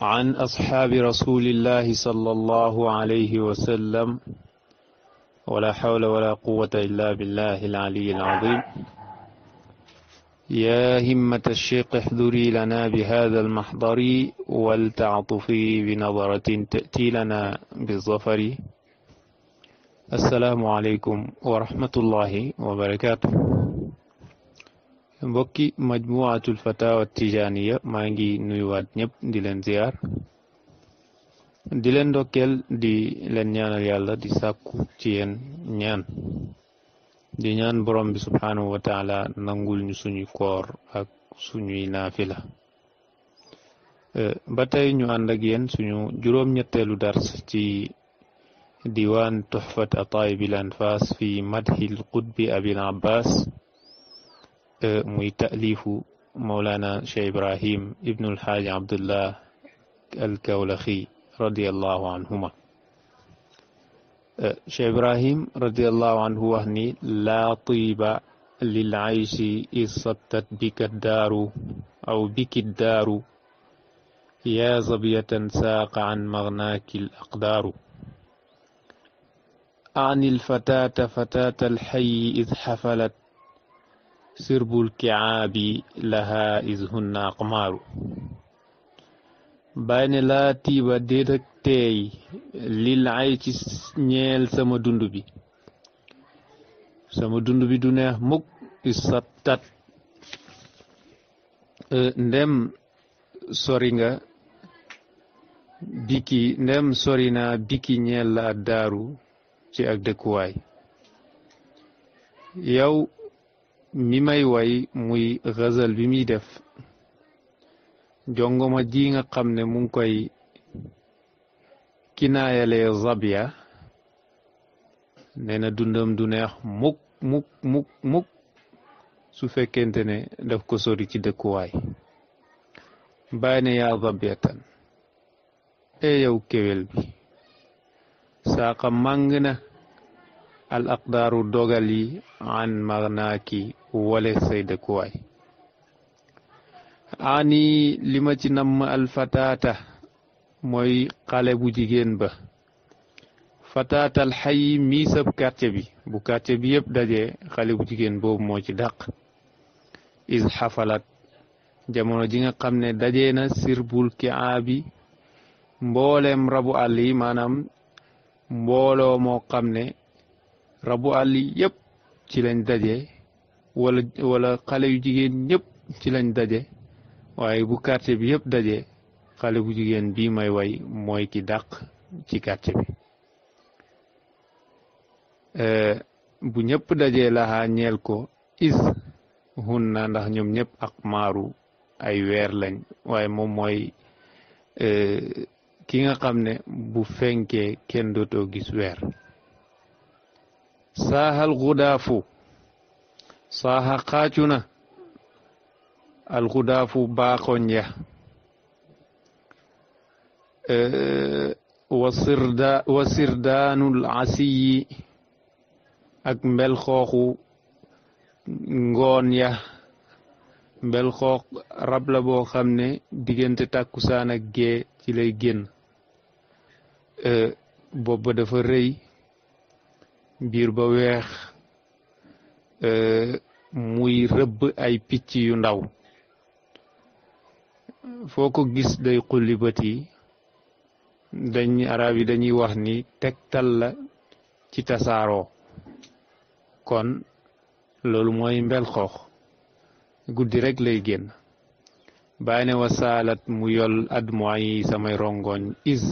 عن أصحاب رسول الله صلى الله عليه وسلم ولا حول ولا قوة إلا بالله العلي العظيم يا همة الشيخ احذري لنا بهذا المحضر ولتعطفي بنظرة تأتي لنا بالظفر السلام عليكم ورحمة الله وبركاته mbokki majmuatul fatawa tijaniya maa ngi nuyuwaat ñëpp di leen ziar di leen ndokkeel di leen ñaanal yàlla di sàkku ci yéen ñaan di ñaan borom bi subhaanahu wa taala nangul ñu suñu koor ak suñuy naafila euh, ba tey ñu ànd yeen suñu juróom-ñetteelu dars ci diwaan tuxfat ataayibil anfaas fi madhil qutbi abil abbas مي تأليف مولانا شيخ إبراهيم ابن الحاج عبد الله الكولخي رضي الله عنهما شيخ إبراهيم رضي الله عنه وهني لا طيب للعيش إصطت بك الدار أو بك الدار يا زبية ساق عن مغناك الأقدار أعني الفتاة فتاة الحي إذ حفلت sirbul kiabi laha is hunna kamaru bayne laatiba dedak teey lil ay ci ñeel sama dund bi sama dund bi du neex mukk isattat e, ndem sori nga biki ndem sori naa biki ñeel laa daaru ci ak dëkkuwaay yow mi may way muy xazal bi muy def jongoma ji nga xam ne mu ngi koy kinaayalee zabia nee na dundam du neex mukk mukk mukk su fekkente ne daf ko sori ci dëkkuwaay bàyyi ne yaa zabia tan e kéwél bi saaqa màng na al aqdaaru dogal yi an magnaaki wale say dëkkuwaay ani li ma ci namm alfataata mooy xale bu jigéen ba fataatal xay mii sab quartier bi bu quartier bi yëpp dajee xale bu jigéen boobu moo ci dàq is xafalat jamono ji nga xam ne daje na sirbul ki aabi mbooleem rabu àll yi maanaam mbooloo moo xam ne rabu àll yépp ci lañ daje wala wala xale yu jigéen ñépp ci lañ daje waaye bu quartier bi yépp daje xale bu jigéen bii may way mooy ki dàq ci quartier bi bu ñëpp dajee laxaa ñeel ko is hun na ndax ñoom ñëpp ak maaru ay weer lañ waaye moom mooy ki nga xam ne bu fenkee kenn dootoo gis weer saaha algudaafu saaha qaacuna algudaafu baaqonya eh, wa sirdaanul asiyi ak mbel xooxu ngoon ya mbel xoox rab boo xam ne diggante tàkkusaan ak gee ci lay génn eh, booba dafa rëy biir ba weex e, muy rëbb ay picc yu ndaw foo ko gis day xulli bët yi dañ arab yi dañuy wax ni tegtal la ci tasaaroo kon loolu mooy mbel xoox guddi rekk lay génn bàyyi ne wasaalat mu yol admoy yi samay rongoñ is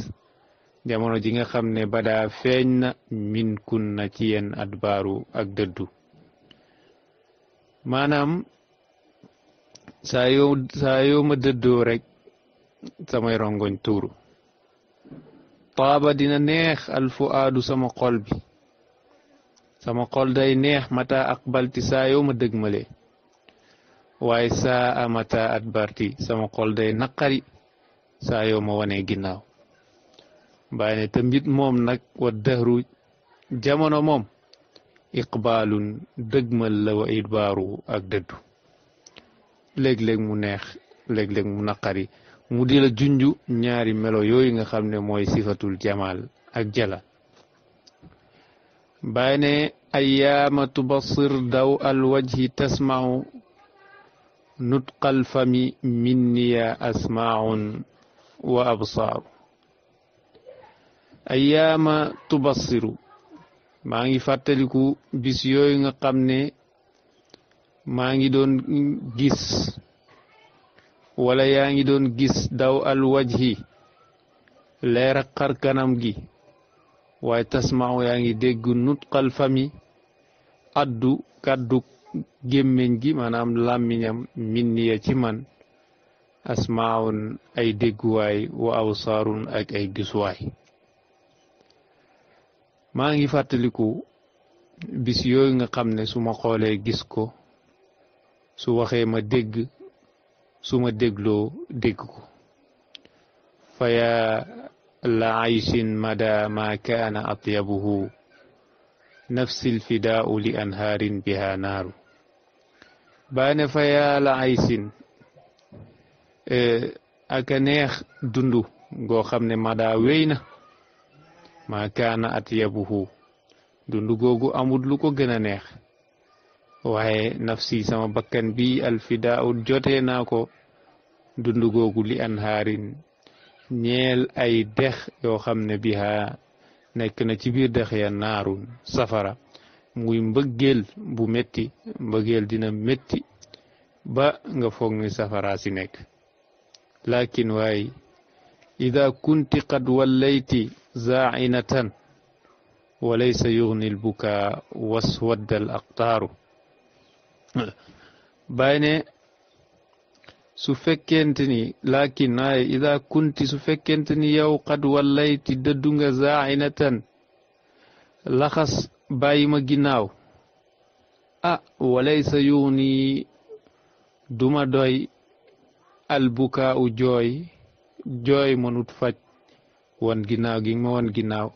jamono ji nga xam ne badaa feeñ na min kun na ci yenn adbaaru ak dëddu maanaam saa yoo ma dëddoo rekk samay rongoñ tuuru taaba dina neex alfuaadu sama xol bi sama xol day neex mata aqbalti saa yoo ma dëgmale waaye saa a mata adbarti sama xol day naqari saa yoo ma wanee ginnaaw bàyyi ne tambit moom nag wa dahru jamono moom iqbaalun dëgmal la wa idbaaru ak dëddu léeg-léeg mu neex léeg-léeg mu naqari mu di la junj ñaari melo yooyu nga xam ne mooy sifatul jamal ak jala bàyyi ne ayaama tubasir daw al wajhi tasmau nutqal fami minniya asmaun wa absaaru ayaama tubassiru maa ngi fàttaliku bis yooyu nga xam ne maa ngi doon gis wala yaa ngi doon gis daw al wajhi leer ak kanam gi waaye tasmaaw yaa ngi dégg nutqal fami addu kàddu gémmiñ gi maanaam làmmiñam minniya ci man asmaawun ay dégguwaay wa awsaarun ak ay gisuwaay maa ngi fàttaliku bis yooyu nga xam ne su ma xoolee gis ko su waxee ma dégg su ma dégloo dégg ko fa yaa la ayshin mada ma kaana atyabuhu nafsi lfidaau li anhaarin biha baane fa yaa la ayshin eh, aka neex dundu goo xam ne mada wéy na maa kaana atyabuhu dund googu amul lu ko gën a neex waaye nafsi sama bakkan bi alfidaaw jotee naa ko dund googu li an haarin ñeel ay dex yoo xam ne biha nekk na ci biir dex ya naarun safara muy mbëggeel bu metti mbëggeel dina metti ba nga foog ni safara si nekk laakin waaye ida kunti qad wallayti zaainatan walaysa yugni lbuka waswadda al aqtaaru bàyyi ne su fekkente ni laakin ay ida kunti su fekkente ni yow qad wallayti dëddu nga zaainatan laxas bàyyi ma ginnaaw ah walaysa yugni duma doy albukaa u jooy joy monut fac won ginnaaw gi ma won ginnaaw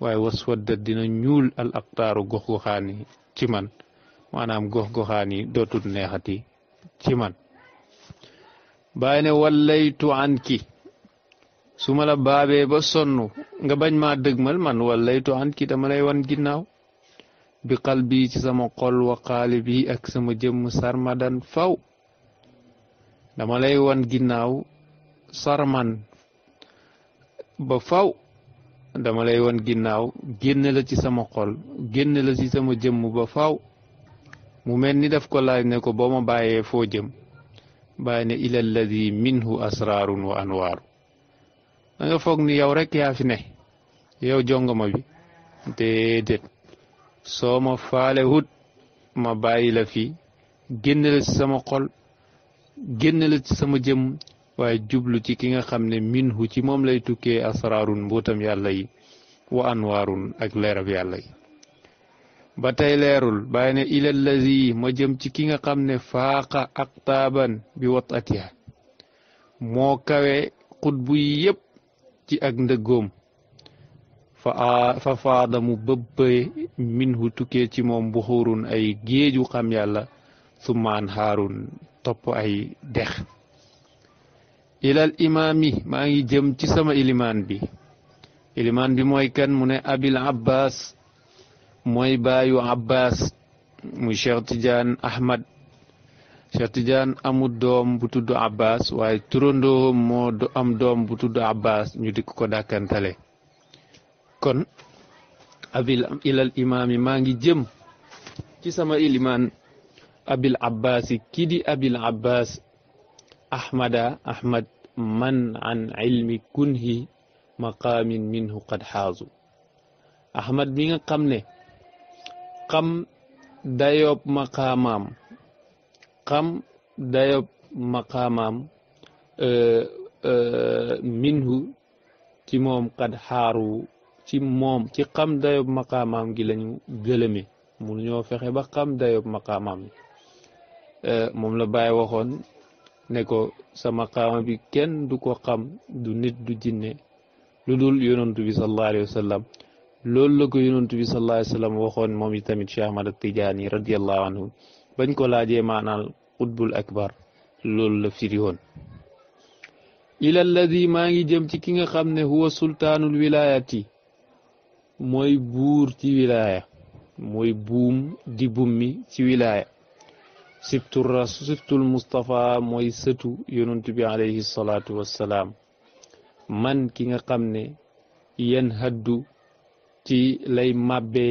waaye was waddat dina ñuul al aqtaaru gox goxaan yi ci man maanaam gox goxaan yi dootut neexati ci man bàyyi ne wallaytu an ki su ma la baabee ba sonn nga bañ maa dëgmal man wallaytu an ki dama lay wan ginnaaw bi xalbi ci sama xol wa xaalib yi ak sama jëmm sarmadan faw dama lay wan ginnaaw sarman ba faw dama lay won ginnaaw génne la ci sama xol génne la ci sama jëmm ba faaw mu mel ni def ko laaj ne ko boo ma bàyyee foo jëm bàyyi ne ila alladi minhu asraarun wa anwaaru da foog ni yow rekk yaa fi ne yow jongoma bi déedéet soo ma faale hut ma bàyyi la fii génn la ci sama xol génn la ci sama jëmm waaye jublu ci ki nga xam ne minhu ci moom lay tukkee asraarun mbootam yàlla yi wa anwaarun ak leerab yàlla yi ba tey leerul bàyyi ne ilallazi ma jëm ci ki nga xam ne faaqa aqtaaban bi wat atiha moo kawe xutbu yi yëpp ci ak ndëggoom fa faada mu bëbbe minhu tukkee ci moom buxurun ay géeju xam yàlla summa anhaarun topp ay dex ilal imami mangi ngi jëm ci sama bi iliman bi mooy kan mune abil abbas mooy baayu abbas muy cheikh tidiane ahmad cheikh tidiane amul doom bu tudd abbas waaye turandoo moo am doom bu abbas ñu dikk ko kon abil ilal imami mangi ngi jëm ci sama abil abbas kidi abil abbas ahmada ahmad man an ilmi kunhi maqaamin minhu qad xaazu ahmad mi nga xam ne xam dayoob maqaamaam kam dayoob maqaamaam minhu ci moom qad xaaru ci moom ci xam dayoob maqaamaam gi lañu gëlëme mu ñoo fexe ba xam dayoob maqaamaam moom la bàyyi waxoon ne ko sama maqaama bi kenn du ko xam du nit du jinne lu dul yonantu bi sallallahu alayhi loolu la ko yonantu bi sallallahu alayhi waxoon moom i tamit Cheikh Ahmad Tijaani radiallahu anhu bañ ko laajee maanaal qutbul akbar loolu la firi woon maa ngi jëm ci ki nga xam ne huwa sultaanul wilayati mooy buur ci wilaya mooy buum di bummi ci wilaya sibtu sibtul Mustapha mooy sëtu yonent bi alayhi salaatu wassalaam man ki nga xam ne yenn haddu ci lay màbbe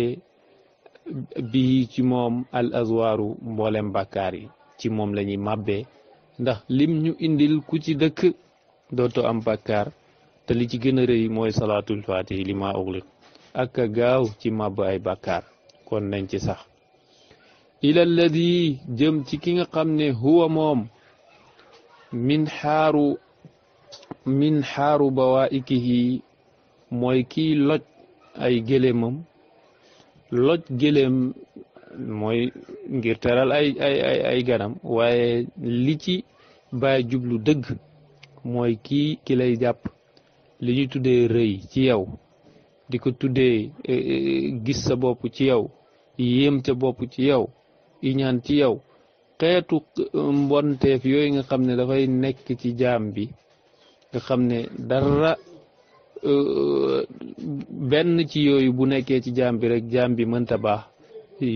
bii ci moom al azwaaru mboolem bàkkaar yi ci moom lañuy màbbe ndax lim ñu indil ku ci dëkk dootoo am bàkkaar te li ci gën a rëy mooy salaatul faatihi li ma ak gaaw ci màbb ay bàkkaar kon nañ ci sax ila alladi jëm ci ki nga xam ne huwa moom min xaaru min xaaru bawaa'ikihi mooy kiy loj ay gëléemam loj gëléem mooy ngir teral ay ay ay ganam waaye li ci bàyyi jublu dëgg mooy kii ki lay jàpp li ñu tuddee rëy ci yow di ko tuddee eh, eh, gis sa bopp ci yow yéem ca bopp ci yow iñaan ci yow xeetu euh, mbonteef yooyu nga xam ne dafay nekk ci jaam bi nga xam ne dara euh, benn ci yooyu bu nekkee ci jaam bi rek jaam bi mënta baax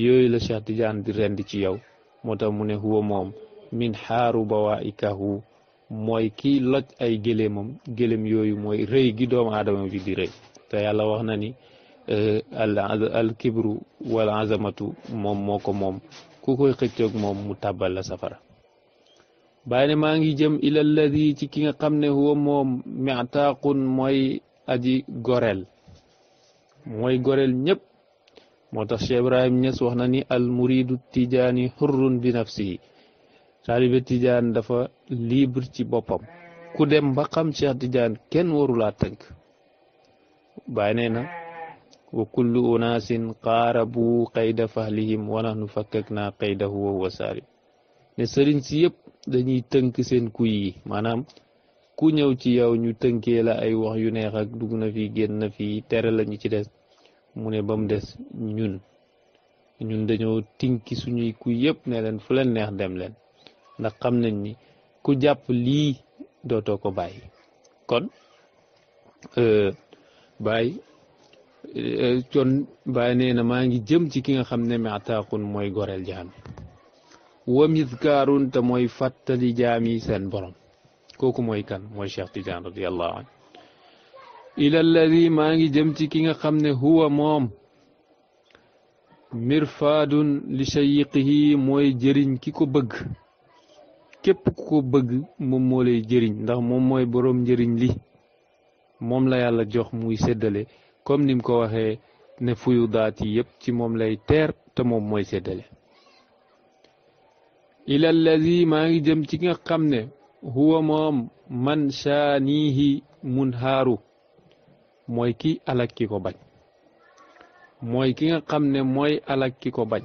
yooyu la Cheikh Tidiane di rend ci yow moo tax mu ne huwa moom min xaaru bawaikahu mooy kii loj ay gëléemam gëléem yooyu mooy rëy gi doomu aadama bi di rëy te yàlla wax na ni euh, al al kibru wal azamatu moom moo ko moom ku koy xëccoog moom mu tàbbal la safara bàyyi ne maa ngi jëm ilal ladi ci ki nga xam ne huwa moom mitaaqun mooy aji goreel mooy goreel ñëpp moo tax Cheikh Ibrahim Niass wax na ni al muridu tijaani xurrun bi nafsihi taalibe tijaan dafa libre ci boppam ku dem ba xam Tijaan kenn warulaa tënk bàyyi nee na wa kullu unaasin qaarabu qayda fahlihim wa nahnu fakkak naa qaydahu wa huwa saalim ne sëriñ si yëpp dañuy tënk seen kuy yi maanaam ku ñëw ci yow ñu tënkee la ay wax yu neex ak dugg na fi génn na fi tere la ñu ci des mu ne ba mu des ñun ñun dañoo tinki suñuy kuy yëpp ne leen fu leen neex dem leen ndax xam nañ ni ku jàpp lii dootoo ko bàyyi kon euh, bàyyi con bàyyi nee na maa ngi jëm ci ki nga xam ne metaakun mooy goreel jaam yi miskaarun te mooy fàttali jaam yi seen borom kooku mooy kan mooy Cheikh Tidiane radiallahu an ila maa ngi jëm ci ki nga xam ne huwa moom mirfaadun li shayiqihi mooy jëriñ ki ko bëgg képp ku ko bëgg moom moo lay jëriñ ndax moom mooy borom njëriñ li moom la yàlla jox muy seddale comme ni mu ko waxee ne fuyu daat yi yëpp ci moom lay teer te moom mooy séddale ila allazi maa ngi jëm ci nga xam ne huwa moom man shaanihi mun haaru mooy ki alak ki ko bañ mooy ki nga xam ne mooy alak ki ko bañ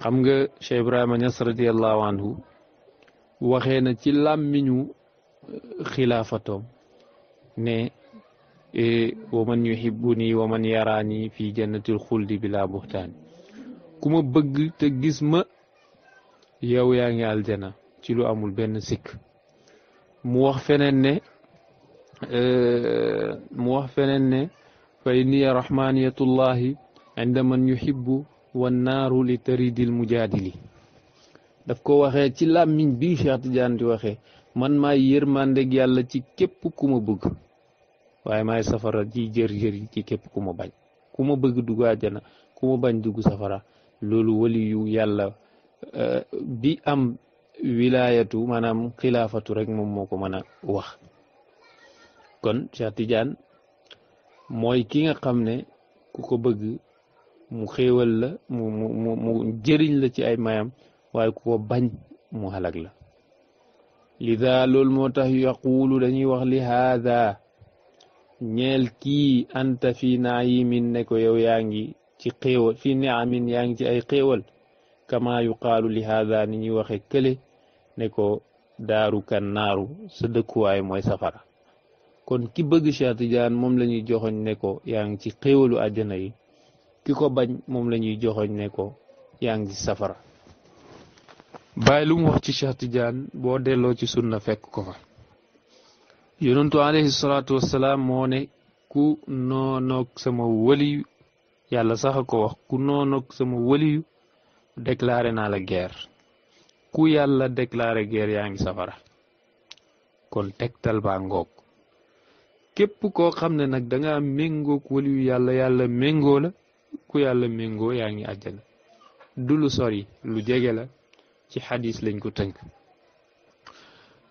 xam nga Cheikh Ibrahima Niass radiallahu anhu waxee na ci làmmiñu xilaafatoom ne E, wa man yuhibbuni wa man yaraani fii jannatil xuldi bila buxtaani ku ma bëgg te gis ma yow yaa ngi aljana ci lu amul benn sikk mu wax feneen ne e, mu wax feneen ne fa inniya rahmaniyatullahi inda man yuhibbu wannaaru li mujaadili daf ko waxee ci làmmiñ bi Cheikh Tidiane di waxee man maay yërmandeg yàlla ci képp ku ma bëgg waaye maay safara ji jër jër ci képp ku ma bañ ku ma bëgg dugg àjjana ku ma bañ dugg safara loolu wali yu yàlla euh, bi am wilaayatu maanaam xilaafatu rek moom moo ko mën a wax kon cheikh tidiane mooy ki nga xam ne ku ko bëgg mu xéewal la mu mu mu jëriñ la ci ay mayam waaye ku ko bañ mu xalag la lida loolu moo tax yaqulu dañuy wax li haada ñeel kii anta fi naimin ne ko yow yaa ngi ci xéewal fi niamin yaa ngi ci ay xéewal kama yuqaalu li haada ni ñuy waxe kële ne ko daaru kan sa dëkkuwaay mooy safara kon ki bëgg Cheikh Tidiane moom la joxoñ ne yaa ngi ci xéewalu àjjana yi ki ko bañ moom la joxoñ ne yaa ngi ci safara bàyyi lu mu wax ci Cheikh Tidiane boo delloo ci sunna fekk ko fa yonentu alayhi salaatu wasalaam moo ne ku noonoog sama waliyu yàlla sax a ko wax ku noonoog sama waliyu déclaré naa la guerre ku yàlla déclaré ger yaa ngi safara kon tegtal baa ngoog képp koo xam ne nag danga ngaa méngoog waliyu yàlla yàlla méngoo la ku yàlla méngoo yaa ngi àjjana du lu sori lu jege la ci xadis lañ ko tënk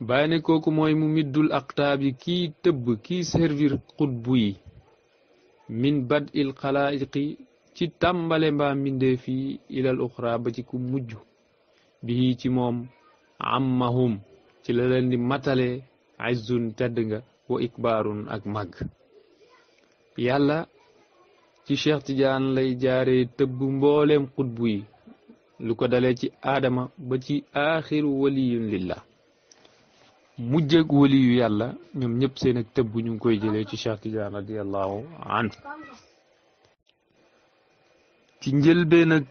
bàyyi ne kooku mooy mu middul aqtaab yi kii tëbb kii servir xutbu yi min bad il xalaaiqi ci tàmbale mbaa mbindee fii ilal ba ci ku mujj bii ci moom ammahum ci la leen di matale izzun tedd nga wa ikbaarun ak màgg yàlla ci Cheikh Tidiane lay jaare tëb mbooleem xutbu yi lu ko dale ci aadama ba ci aaxiru waliyun lillah mujjeg wali yu yàlla ñoom ñëpp seen ak tëbb ñu ngi koy jëlee ci Cheikh Tidiane radiallahu anhu ci njëlbeen ak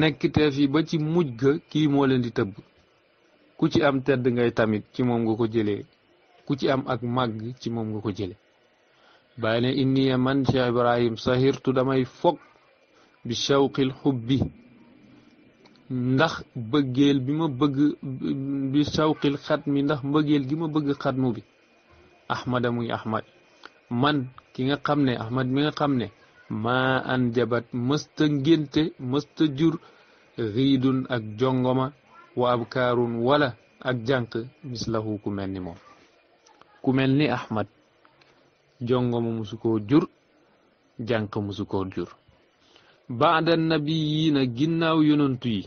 nekkiteef yi ba ci mujj ga kii moo leen di tëbb ku ci am tedd ngay tamit ci moom nga ko jëlee ku ci am ak màgg ci moom nga ko jëlee bàyyi ne inni man Cheikh Ibrahim sahirtu damay fog bi shawqil xubbi ndax bëggeel bi ma bëgg bi sawqil xat mi ndax mbëggeel gi ma bëgg xatmu bi ahmada muy ahmad man ki nga xam ne ahmad mi nga xam ne ma an jabat mësta ngénte mësta jur riidun ak jongoma wa ab kaarun wala ak jànq mislahu ku mel ni moom ku mel ni ahmad jongoma musu jur jànq musu jur baada nabiyiina ginnaaw yonantu yi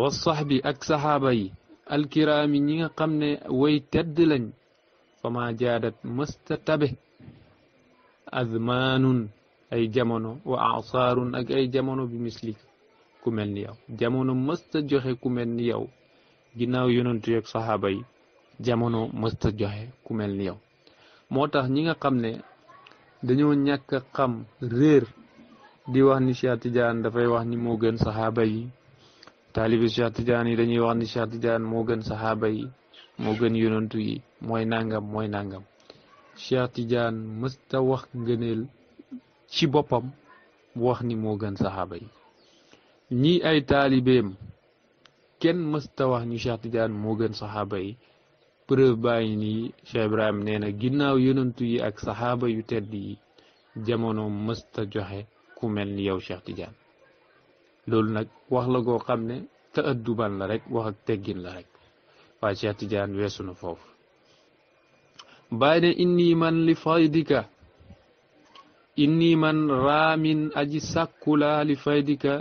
wa saxbi ak saxaaba yi alkiraami ñi nga xam ne way tedd lañ fama jaadat mësta tabe azmaanun ay jamono wa asaarun ak ay jamono bi mislik ku mel ni yow jamono mësta joxe ku mel ni yow ginnaaw yonantu yeeg saxaaba yi jamono mësta joxe ku mel ni yow moo tax ñi nga xam ne dañoo ñàkk xam réer di wax ni Cheikh Tidiane dafay wax ni moo gën saxaaba yi taalibi Cheikh Tidiane yi dañuy wax ni Cheikh Tidiane moo gën saxaaba yi moo gën yonantu yi mooy nangam mooy nangam Cheikh Tidiane mësta wax ngëneel ci boppam wax ni moo gën saxaaba yi ñi ay taalibeem kenn mësta wax ñu Cheikh Tidiane moo gën saxaaba yi preuve baa ngi nii Cheikh Ibrahim nee na ginnaaw yonantu yi ak saxaaba yu tedd yi jamono mësta joxe ku mel ni yow Cheikh Tidiane loolu nag wax la goo xam ne te adduban la rek wax ak teggin la rek waaye Cheikh Tidiane weesu na foofu bàyyi ne inni man li faydika inni man raamin aji sàkkulaa li faydika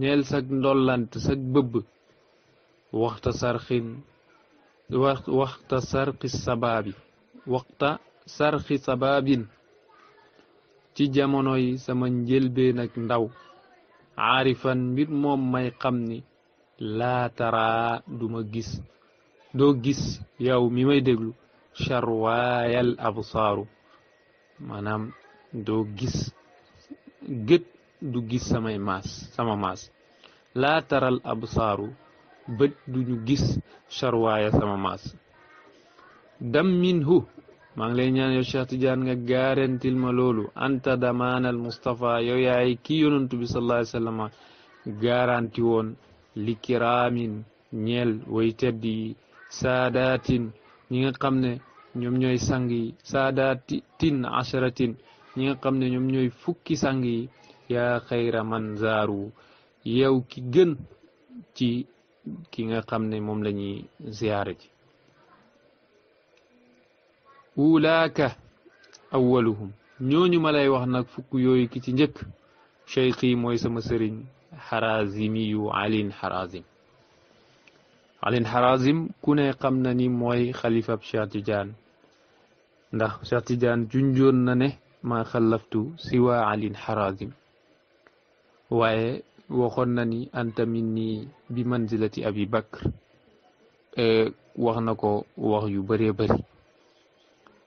ñeel sag ndollant sag bëbb waxta sarxin waxta sarxi sabaabi ci jamono yi sama njëlbeen nag ndaw arifan mbir moom may xam ni laa taraa duma gis doo gis yow mi may déglu charwaayal absaaru maanaam doo gis gët du gis samay maas sama maas laataral taral absaaru bët duñu gis charwaaya sama maas dam minhu maa ngi lay ñaan yow Cheikh Tidiane nga garantil ma loolu anta damaanal Moustapha yow yaay kii yonantu bi sallallahu alayhi wa garanti woon li kiraamin ñeel way tedd yi saadaatin ñi nga xam ne ñoom ñooy sang yi saadaatin asharatin ñi nga xam ne ñoom ñooy fukki sang yi yaa xayra man zaaru yow ki gën ci ki nga xam ne moom la ñuy ziyaare ji أولاك أولهم نيوني ملاي وحنك فك يويكي تنجك شيخي مويسا مسرين حرازمي علين حرازم علين حرازم كنا قمناني موي خليفة بشيخ تجان ده شيخ تجان ما خلفت سوى علين حرازم وعي وخناني أنت مني بمنزلة أبي بكر أه، وخناكو وخيو بري بري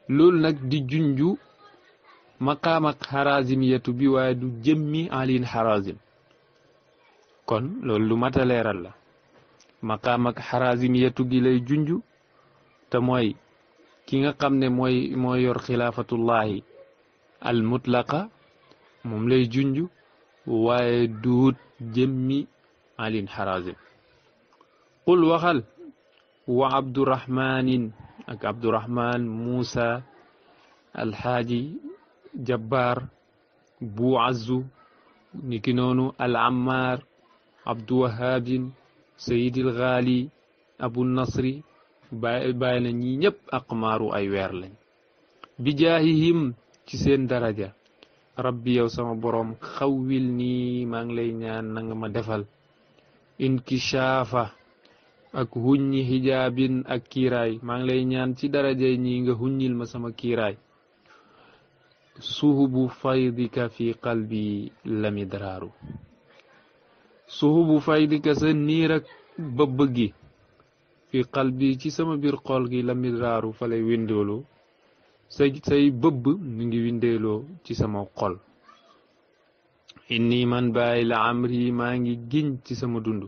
loolu nag di junju maqaam ak yetu bi waaye du jëmmi aliin kon loolu lu mat a leeral la maqaam ak xarazim yetu gi lay junju te mooy ki nga xam ne mooy moo yor xilaafatullahi al mutlaqa moom lay junju waaye duut jëmmi aliin xarazim qul wa abdurahmanin ak Abdourahman Moussa Alxaaji Jabbar Bu Azzu niki noonu Al Ammar Abdou Wahabin Sayidil Ghali Abu Nasri bàyyi na ñi ñëpp aqmaaru ay weer lañ bi jaahihim ci seen daraja rabbi yow sama boroom xawwil nii maa ngi lay ñaan nanga ma defal inkishaafa ak huññi hijaabin ak kiiraay maa ngi lay ñaan ci darajay ñii nga huññil ma sama kiiraay suhubu faydika fi qalbi lamidraaru suhubu faydika sa niir ak bëbb gi fi qalbi ci sama biir xol gi lamidraaru fa lay windeeloo say say bëbb mi ngi windeeloo ci sama xol inni man bàyyi la amri maa ngi giñ ci sama dund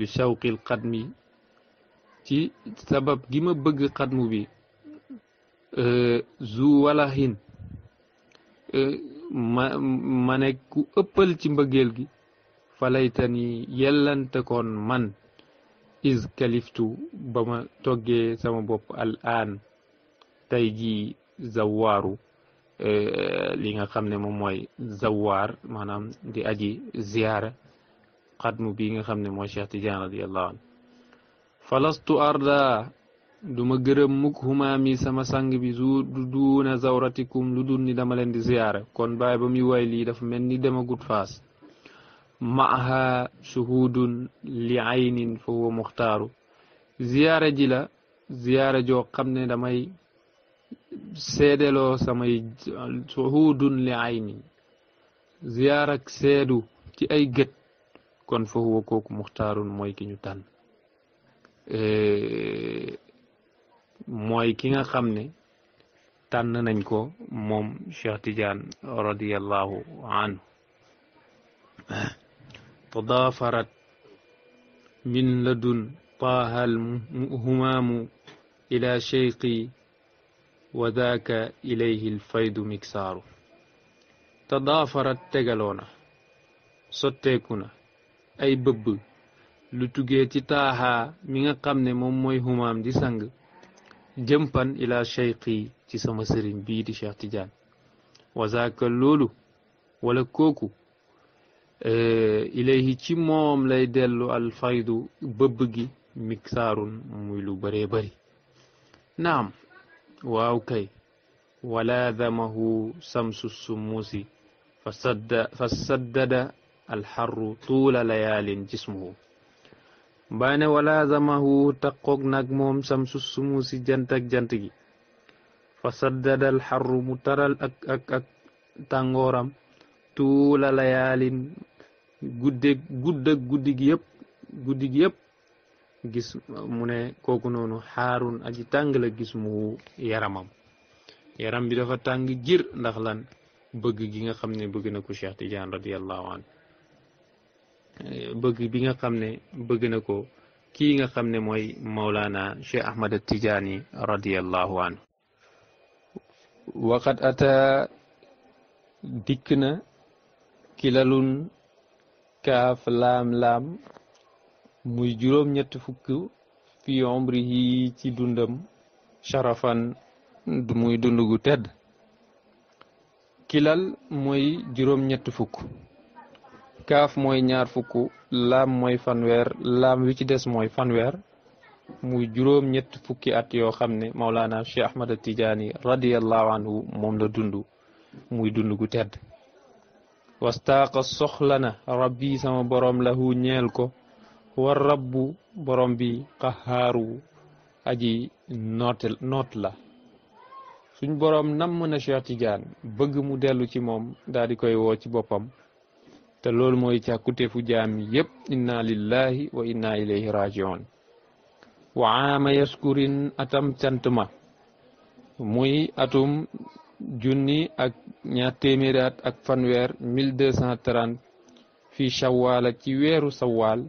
li shawqil xadmi ci sabab gi ma bëgg xadmu bi euh, zu walahin euh, ma ma ne ku ëppal ci mbëggeel gi falaytani yellante koon man is kaliftu ba ma toggee sama bopp al aan tey ji zawaaru euh, li nga xam ne moom mooy zawaar maanaam di aji ziyaara xatmu bii nga xam ne mooy Cheikh Tidiane radiallahu an gërëm mukk sama sang bi zu lu dul ni dama leen di ziyaara kon bàyyi ba muy way dafa mel ni demagut faas maaha shuhudun li aynin fa huwa muxtaaru ziyaara ji la ziyaara joo xam ne damay seedeloo samay shuhudun li aynin ziyaarak seedu ci ay gët كون فهو كوك مختار موي كي نوتان موي كيغا خامني تان نانكو موم شيخ تيجان رضي الله عنه تضافرت من لدن طه الهمام الى شيقي وذاك اليه الفيض مكسار تضافرت تجالونا ستيكونا ay bëbb lu tugee ci taaxa mi nga xam ne moom mooy xumaam di sang jëmpan ila cheyqi ci sama sëriñ bii di Cheikh Tidiane wazaaka loolu wala kooku eh, ilayhi ci moom lay dellu alfaydu bëbb gi miksaarun muy lu bëree bëri naam waaw kay walaadamahu samsu sumuusi fa saddada alxarru tuula layaalin jismuhu baane wala zamahu taqoog nag moom samsu sumu si jant jant gi fa saddadal xarru mu taral ak ak ak tàngooram tuula layaalin guddeeg guddag guddi gi gis mu ne kooku noonu xaarun aji tàng la gis yaramam yaram bi dafa tàng jir ndax lan bëgg gi nga xam ne bëgg na ko Cheikh Tidiane radiyallahu anhu Eh, bëgg bi nga xam ne bëgg na ko kii nga xam ne mooy Mawlana Cheikh Ahmad Tijaani radiyallahu anhu waqad ata dikk na kilalun kaaf laam-laam muy juróom-ñett fukk fi omri yi ci dundam sharafan muy dund gu tedd kilal mooy juróom-ñett fukk kaaf mooy ñaar fukk laam mooy fanweer laam wi ci des mooy fanweer muy juróom ñett fukki at yoo xam ne Maulana Cheikh Ahmad Tijaani radiyallahu anhu moom la dund muy dund gu tedd wastaaqa soxla na rabbi sama borom lahu ñeel ko war rabbu borom bi qaxaaru aji nootel noot la suñ borom namm na Cheikh Tidiane bëgg mu dellu ci moom daal koy woo ci boppam te loolu mooy càkkuteefu jaam yépp inna lillahi wa inna ilayhi rajiun wa aama yaskurin atam cant ma muy atum junni ak ñaar téeméeri ak fanweer 1230 fi shawaala ci weeru sawaal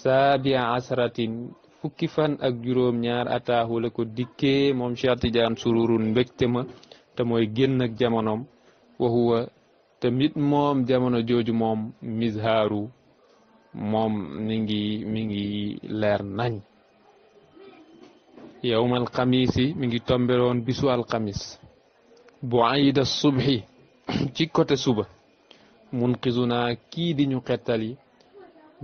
saabia asratin fukki fan ak juróom ñaar ataahu la ko dikkee moom Cheikh Tidiane sururun mbégte ma te mooy génn ak wa huwa tamit moom jamono jooju moom mizhaaru moom mi ngi mi ngi leer nañ yowm alxamiisi mi ngi tomberoon bisu alxamis bu ayida subhi ci côté suba munqizuna kii di ñu xettali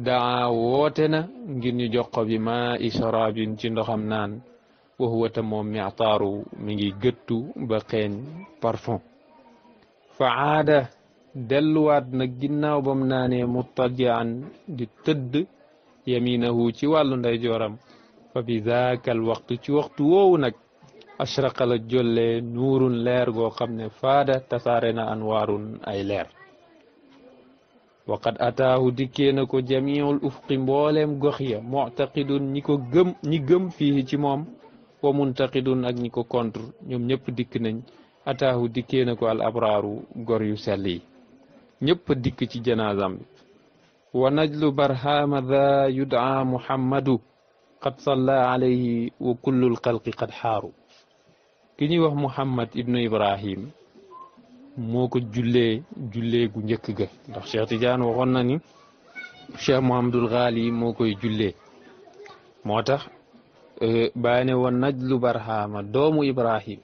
daa woote na ngir ñu jox ko bi maa i sharabin ci ndoxam naan wa huwa ta moom miataaru mi ngi gëttu ba xeeñ parfum fa aada delluwaat nag ginnaaw bam naa naanee muttajian di tëdd yaminahu ci wàllu ndeyjooram fa bi zaaka waxtu ci waxtu woowu nag ashraqa la jolle nuurun leer goo xam ne faada tasaare na anwaarun ay leer waqad ataahu dikkee na ko jamiul ufqi mbooleem gox ya muctaqidun ñi ko gëm ñi gëm fii ci moom wa muntaqidun ak ñi ko contre ñoom ñëpp dikk nañ ataahu dikkee na ko al abraaru gor yu sell yi ñëpp dikk ci janaazam bi wa najlu barhama da yudaa muhammadu qad salla alayhi wa kullul xalqi qad xaaru ki ñuy wax muhammad ibnu ibrahim moo ko jullee jullee gu njëkk ga ndax Cheikh Tidiane waxoon na ni Cheikh Mouhamadul moo koy jullee moo tax e, bàyyi ne woon najlu barhama doomu ibrahim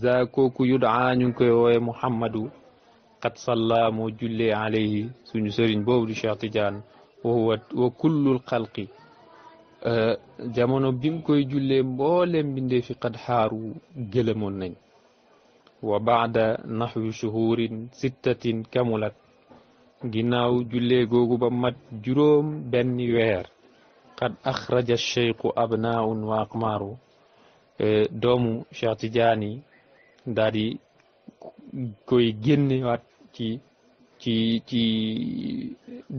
za kooku yudaa ñu ngi koy woowe muhammadu qad salla moo jullee alayhi suñu sëriñ boobu di Cheikh wa huwa wa kullul xalqi euh, jamono bi koy jullee mbooleem mbindee fi qad xaaru gëlëmoon nañ wa baada naxwi shuhurin sittatin kamulat ginnaaw jullee googu ba juróom benn weer qad axraja cheikhu abnaaun wa aqmaaru euh, doomu Cheikh Tidiane koy génnewaat ci ci ci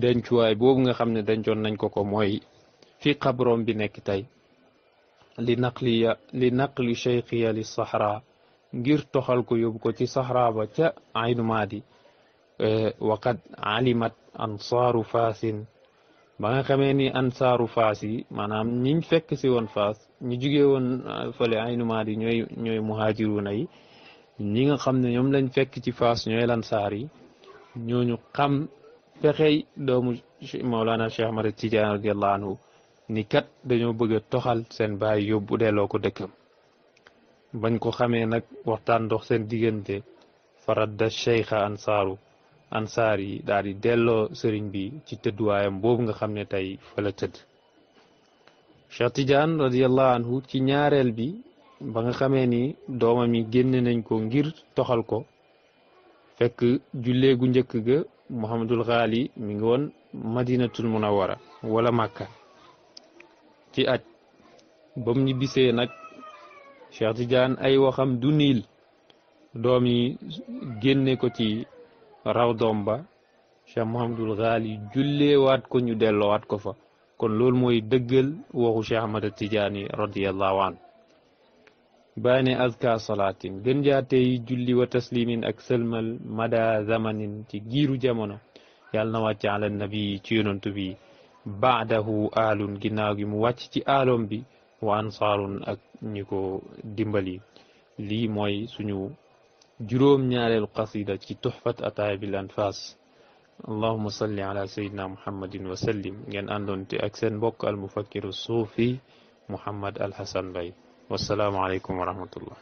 dencuwaay boobu nga xam ne dencoon nañ ko ko mooy fi xabroom bi nekk tey li naqliya li naqli cheikhiya li sahra ngir toxal ko yóbbu ko ci sahra ba ca aynu maadi eh, waqad alimat ansaaru faasin ba nga xamee ni ansaaru faas yi maanaam ñiñ fekk si woon faas ñu jugee woon eh, fële aynu maadi ñooy ñooy muhaajiruuna yi ñi nga xam ne ñoom lañ fekk ci fas ñooy lansaar yi ñoo ñu xam pexey doomu Mawlana Cheikh Ahmad Tidiane radiallahu anhu ni kat dañoo bëgg a toxal seen baay yóbbu delloo ko dëkkam bañ ko xamee nag waxtaan dox seen diggante faradda cheikha ansaaru ansaar yi daal di delloo sëriñ bi ci tëdduwaayam boobu nga xam ne tey fa la tëdd Cheikh Tidiane radiallahu anhu ci ñaareel bi ba nga xamee ni doomam yi génne nañ ko ngir toxal ko fekk jullee gu njëkk ga Muhammadul Xaali mi ngi woon Madinatul Munawwara wala Màkka ci aj bam ñu bisee nag Cheikh Tidiane ay waxam du niil doom yi génne ko ci raw doom ba Cheikh Muhammadul Xaali julleewaat ko ñu delloowaat ko fa kon loolu mooy dëggal waxu Cheikh Ahmada Tidiane radiyallahu anhu باني أذكى صلاتين غنجاتي جلي وتسليمين أكسلمل مدى زمنين تي جيرو جامونا يالنا واتي على النبي تيونون تبي بعده آل جناغي مواتي تي آل بي وانصار أك نيكو دمبالي لي موي سنو جروم نيال القصيدة تي تحفة أطايب الأنفاس اللهم صل على سيدنا محمد وسلم جن أندون تي أكسن بوك المفكر الصوفي محمد الحسن بي والسلام عليكم ورحمة الله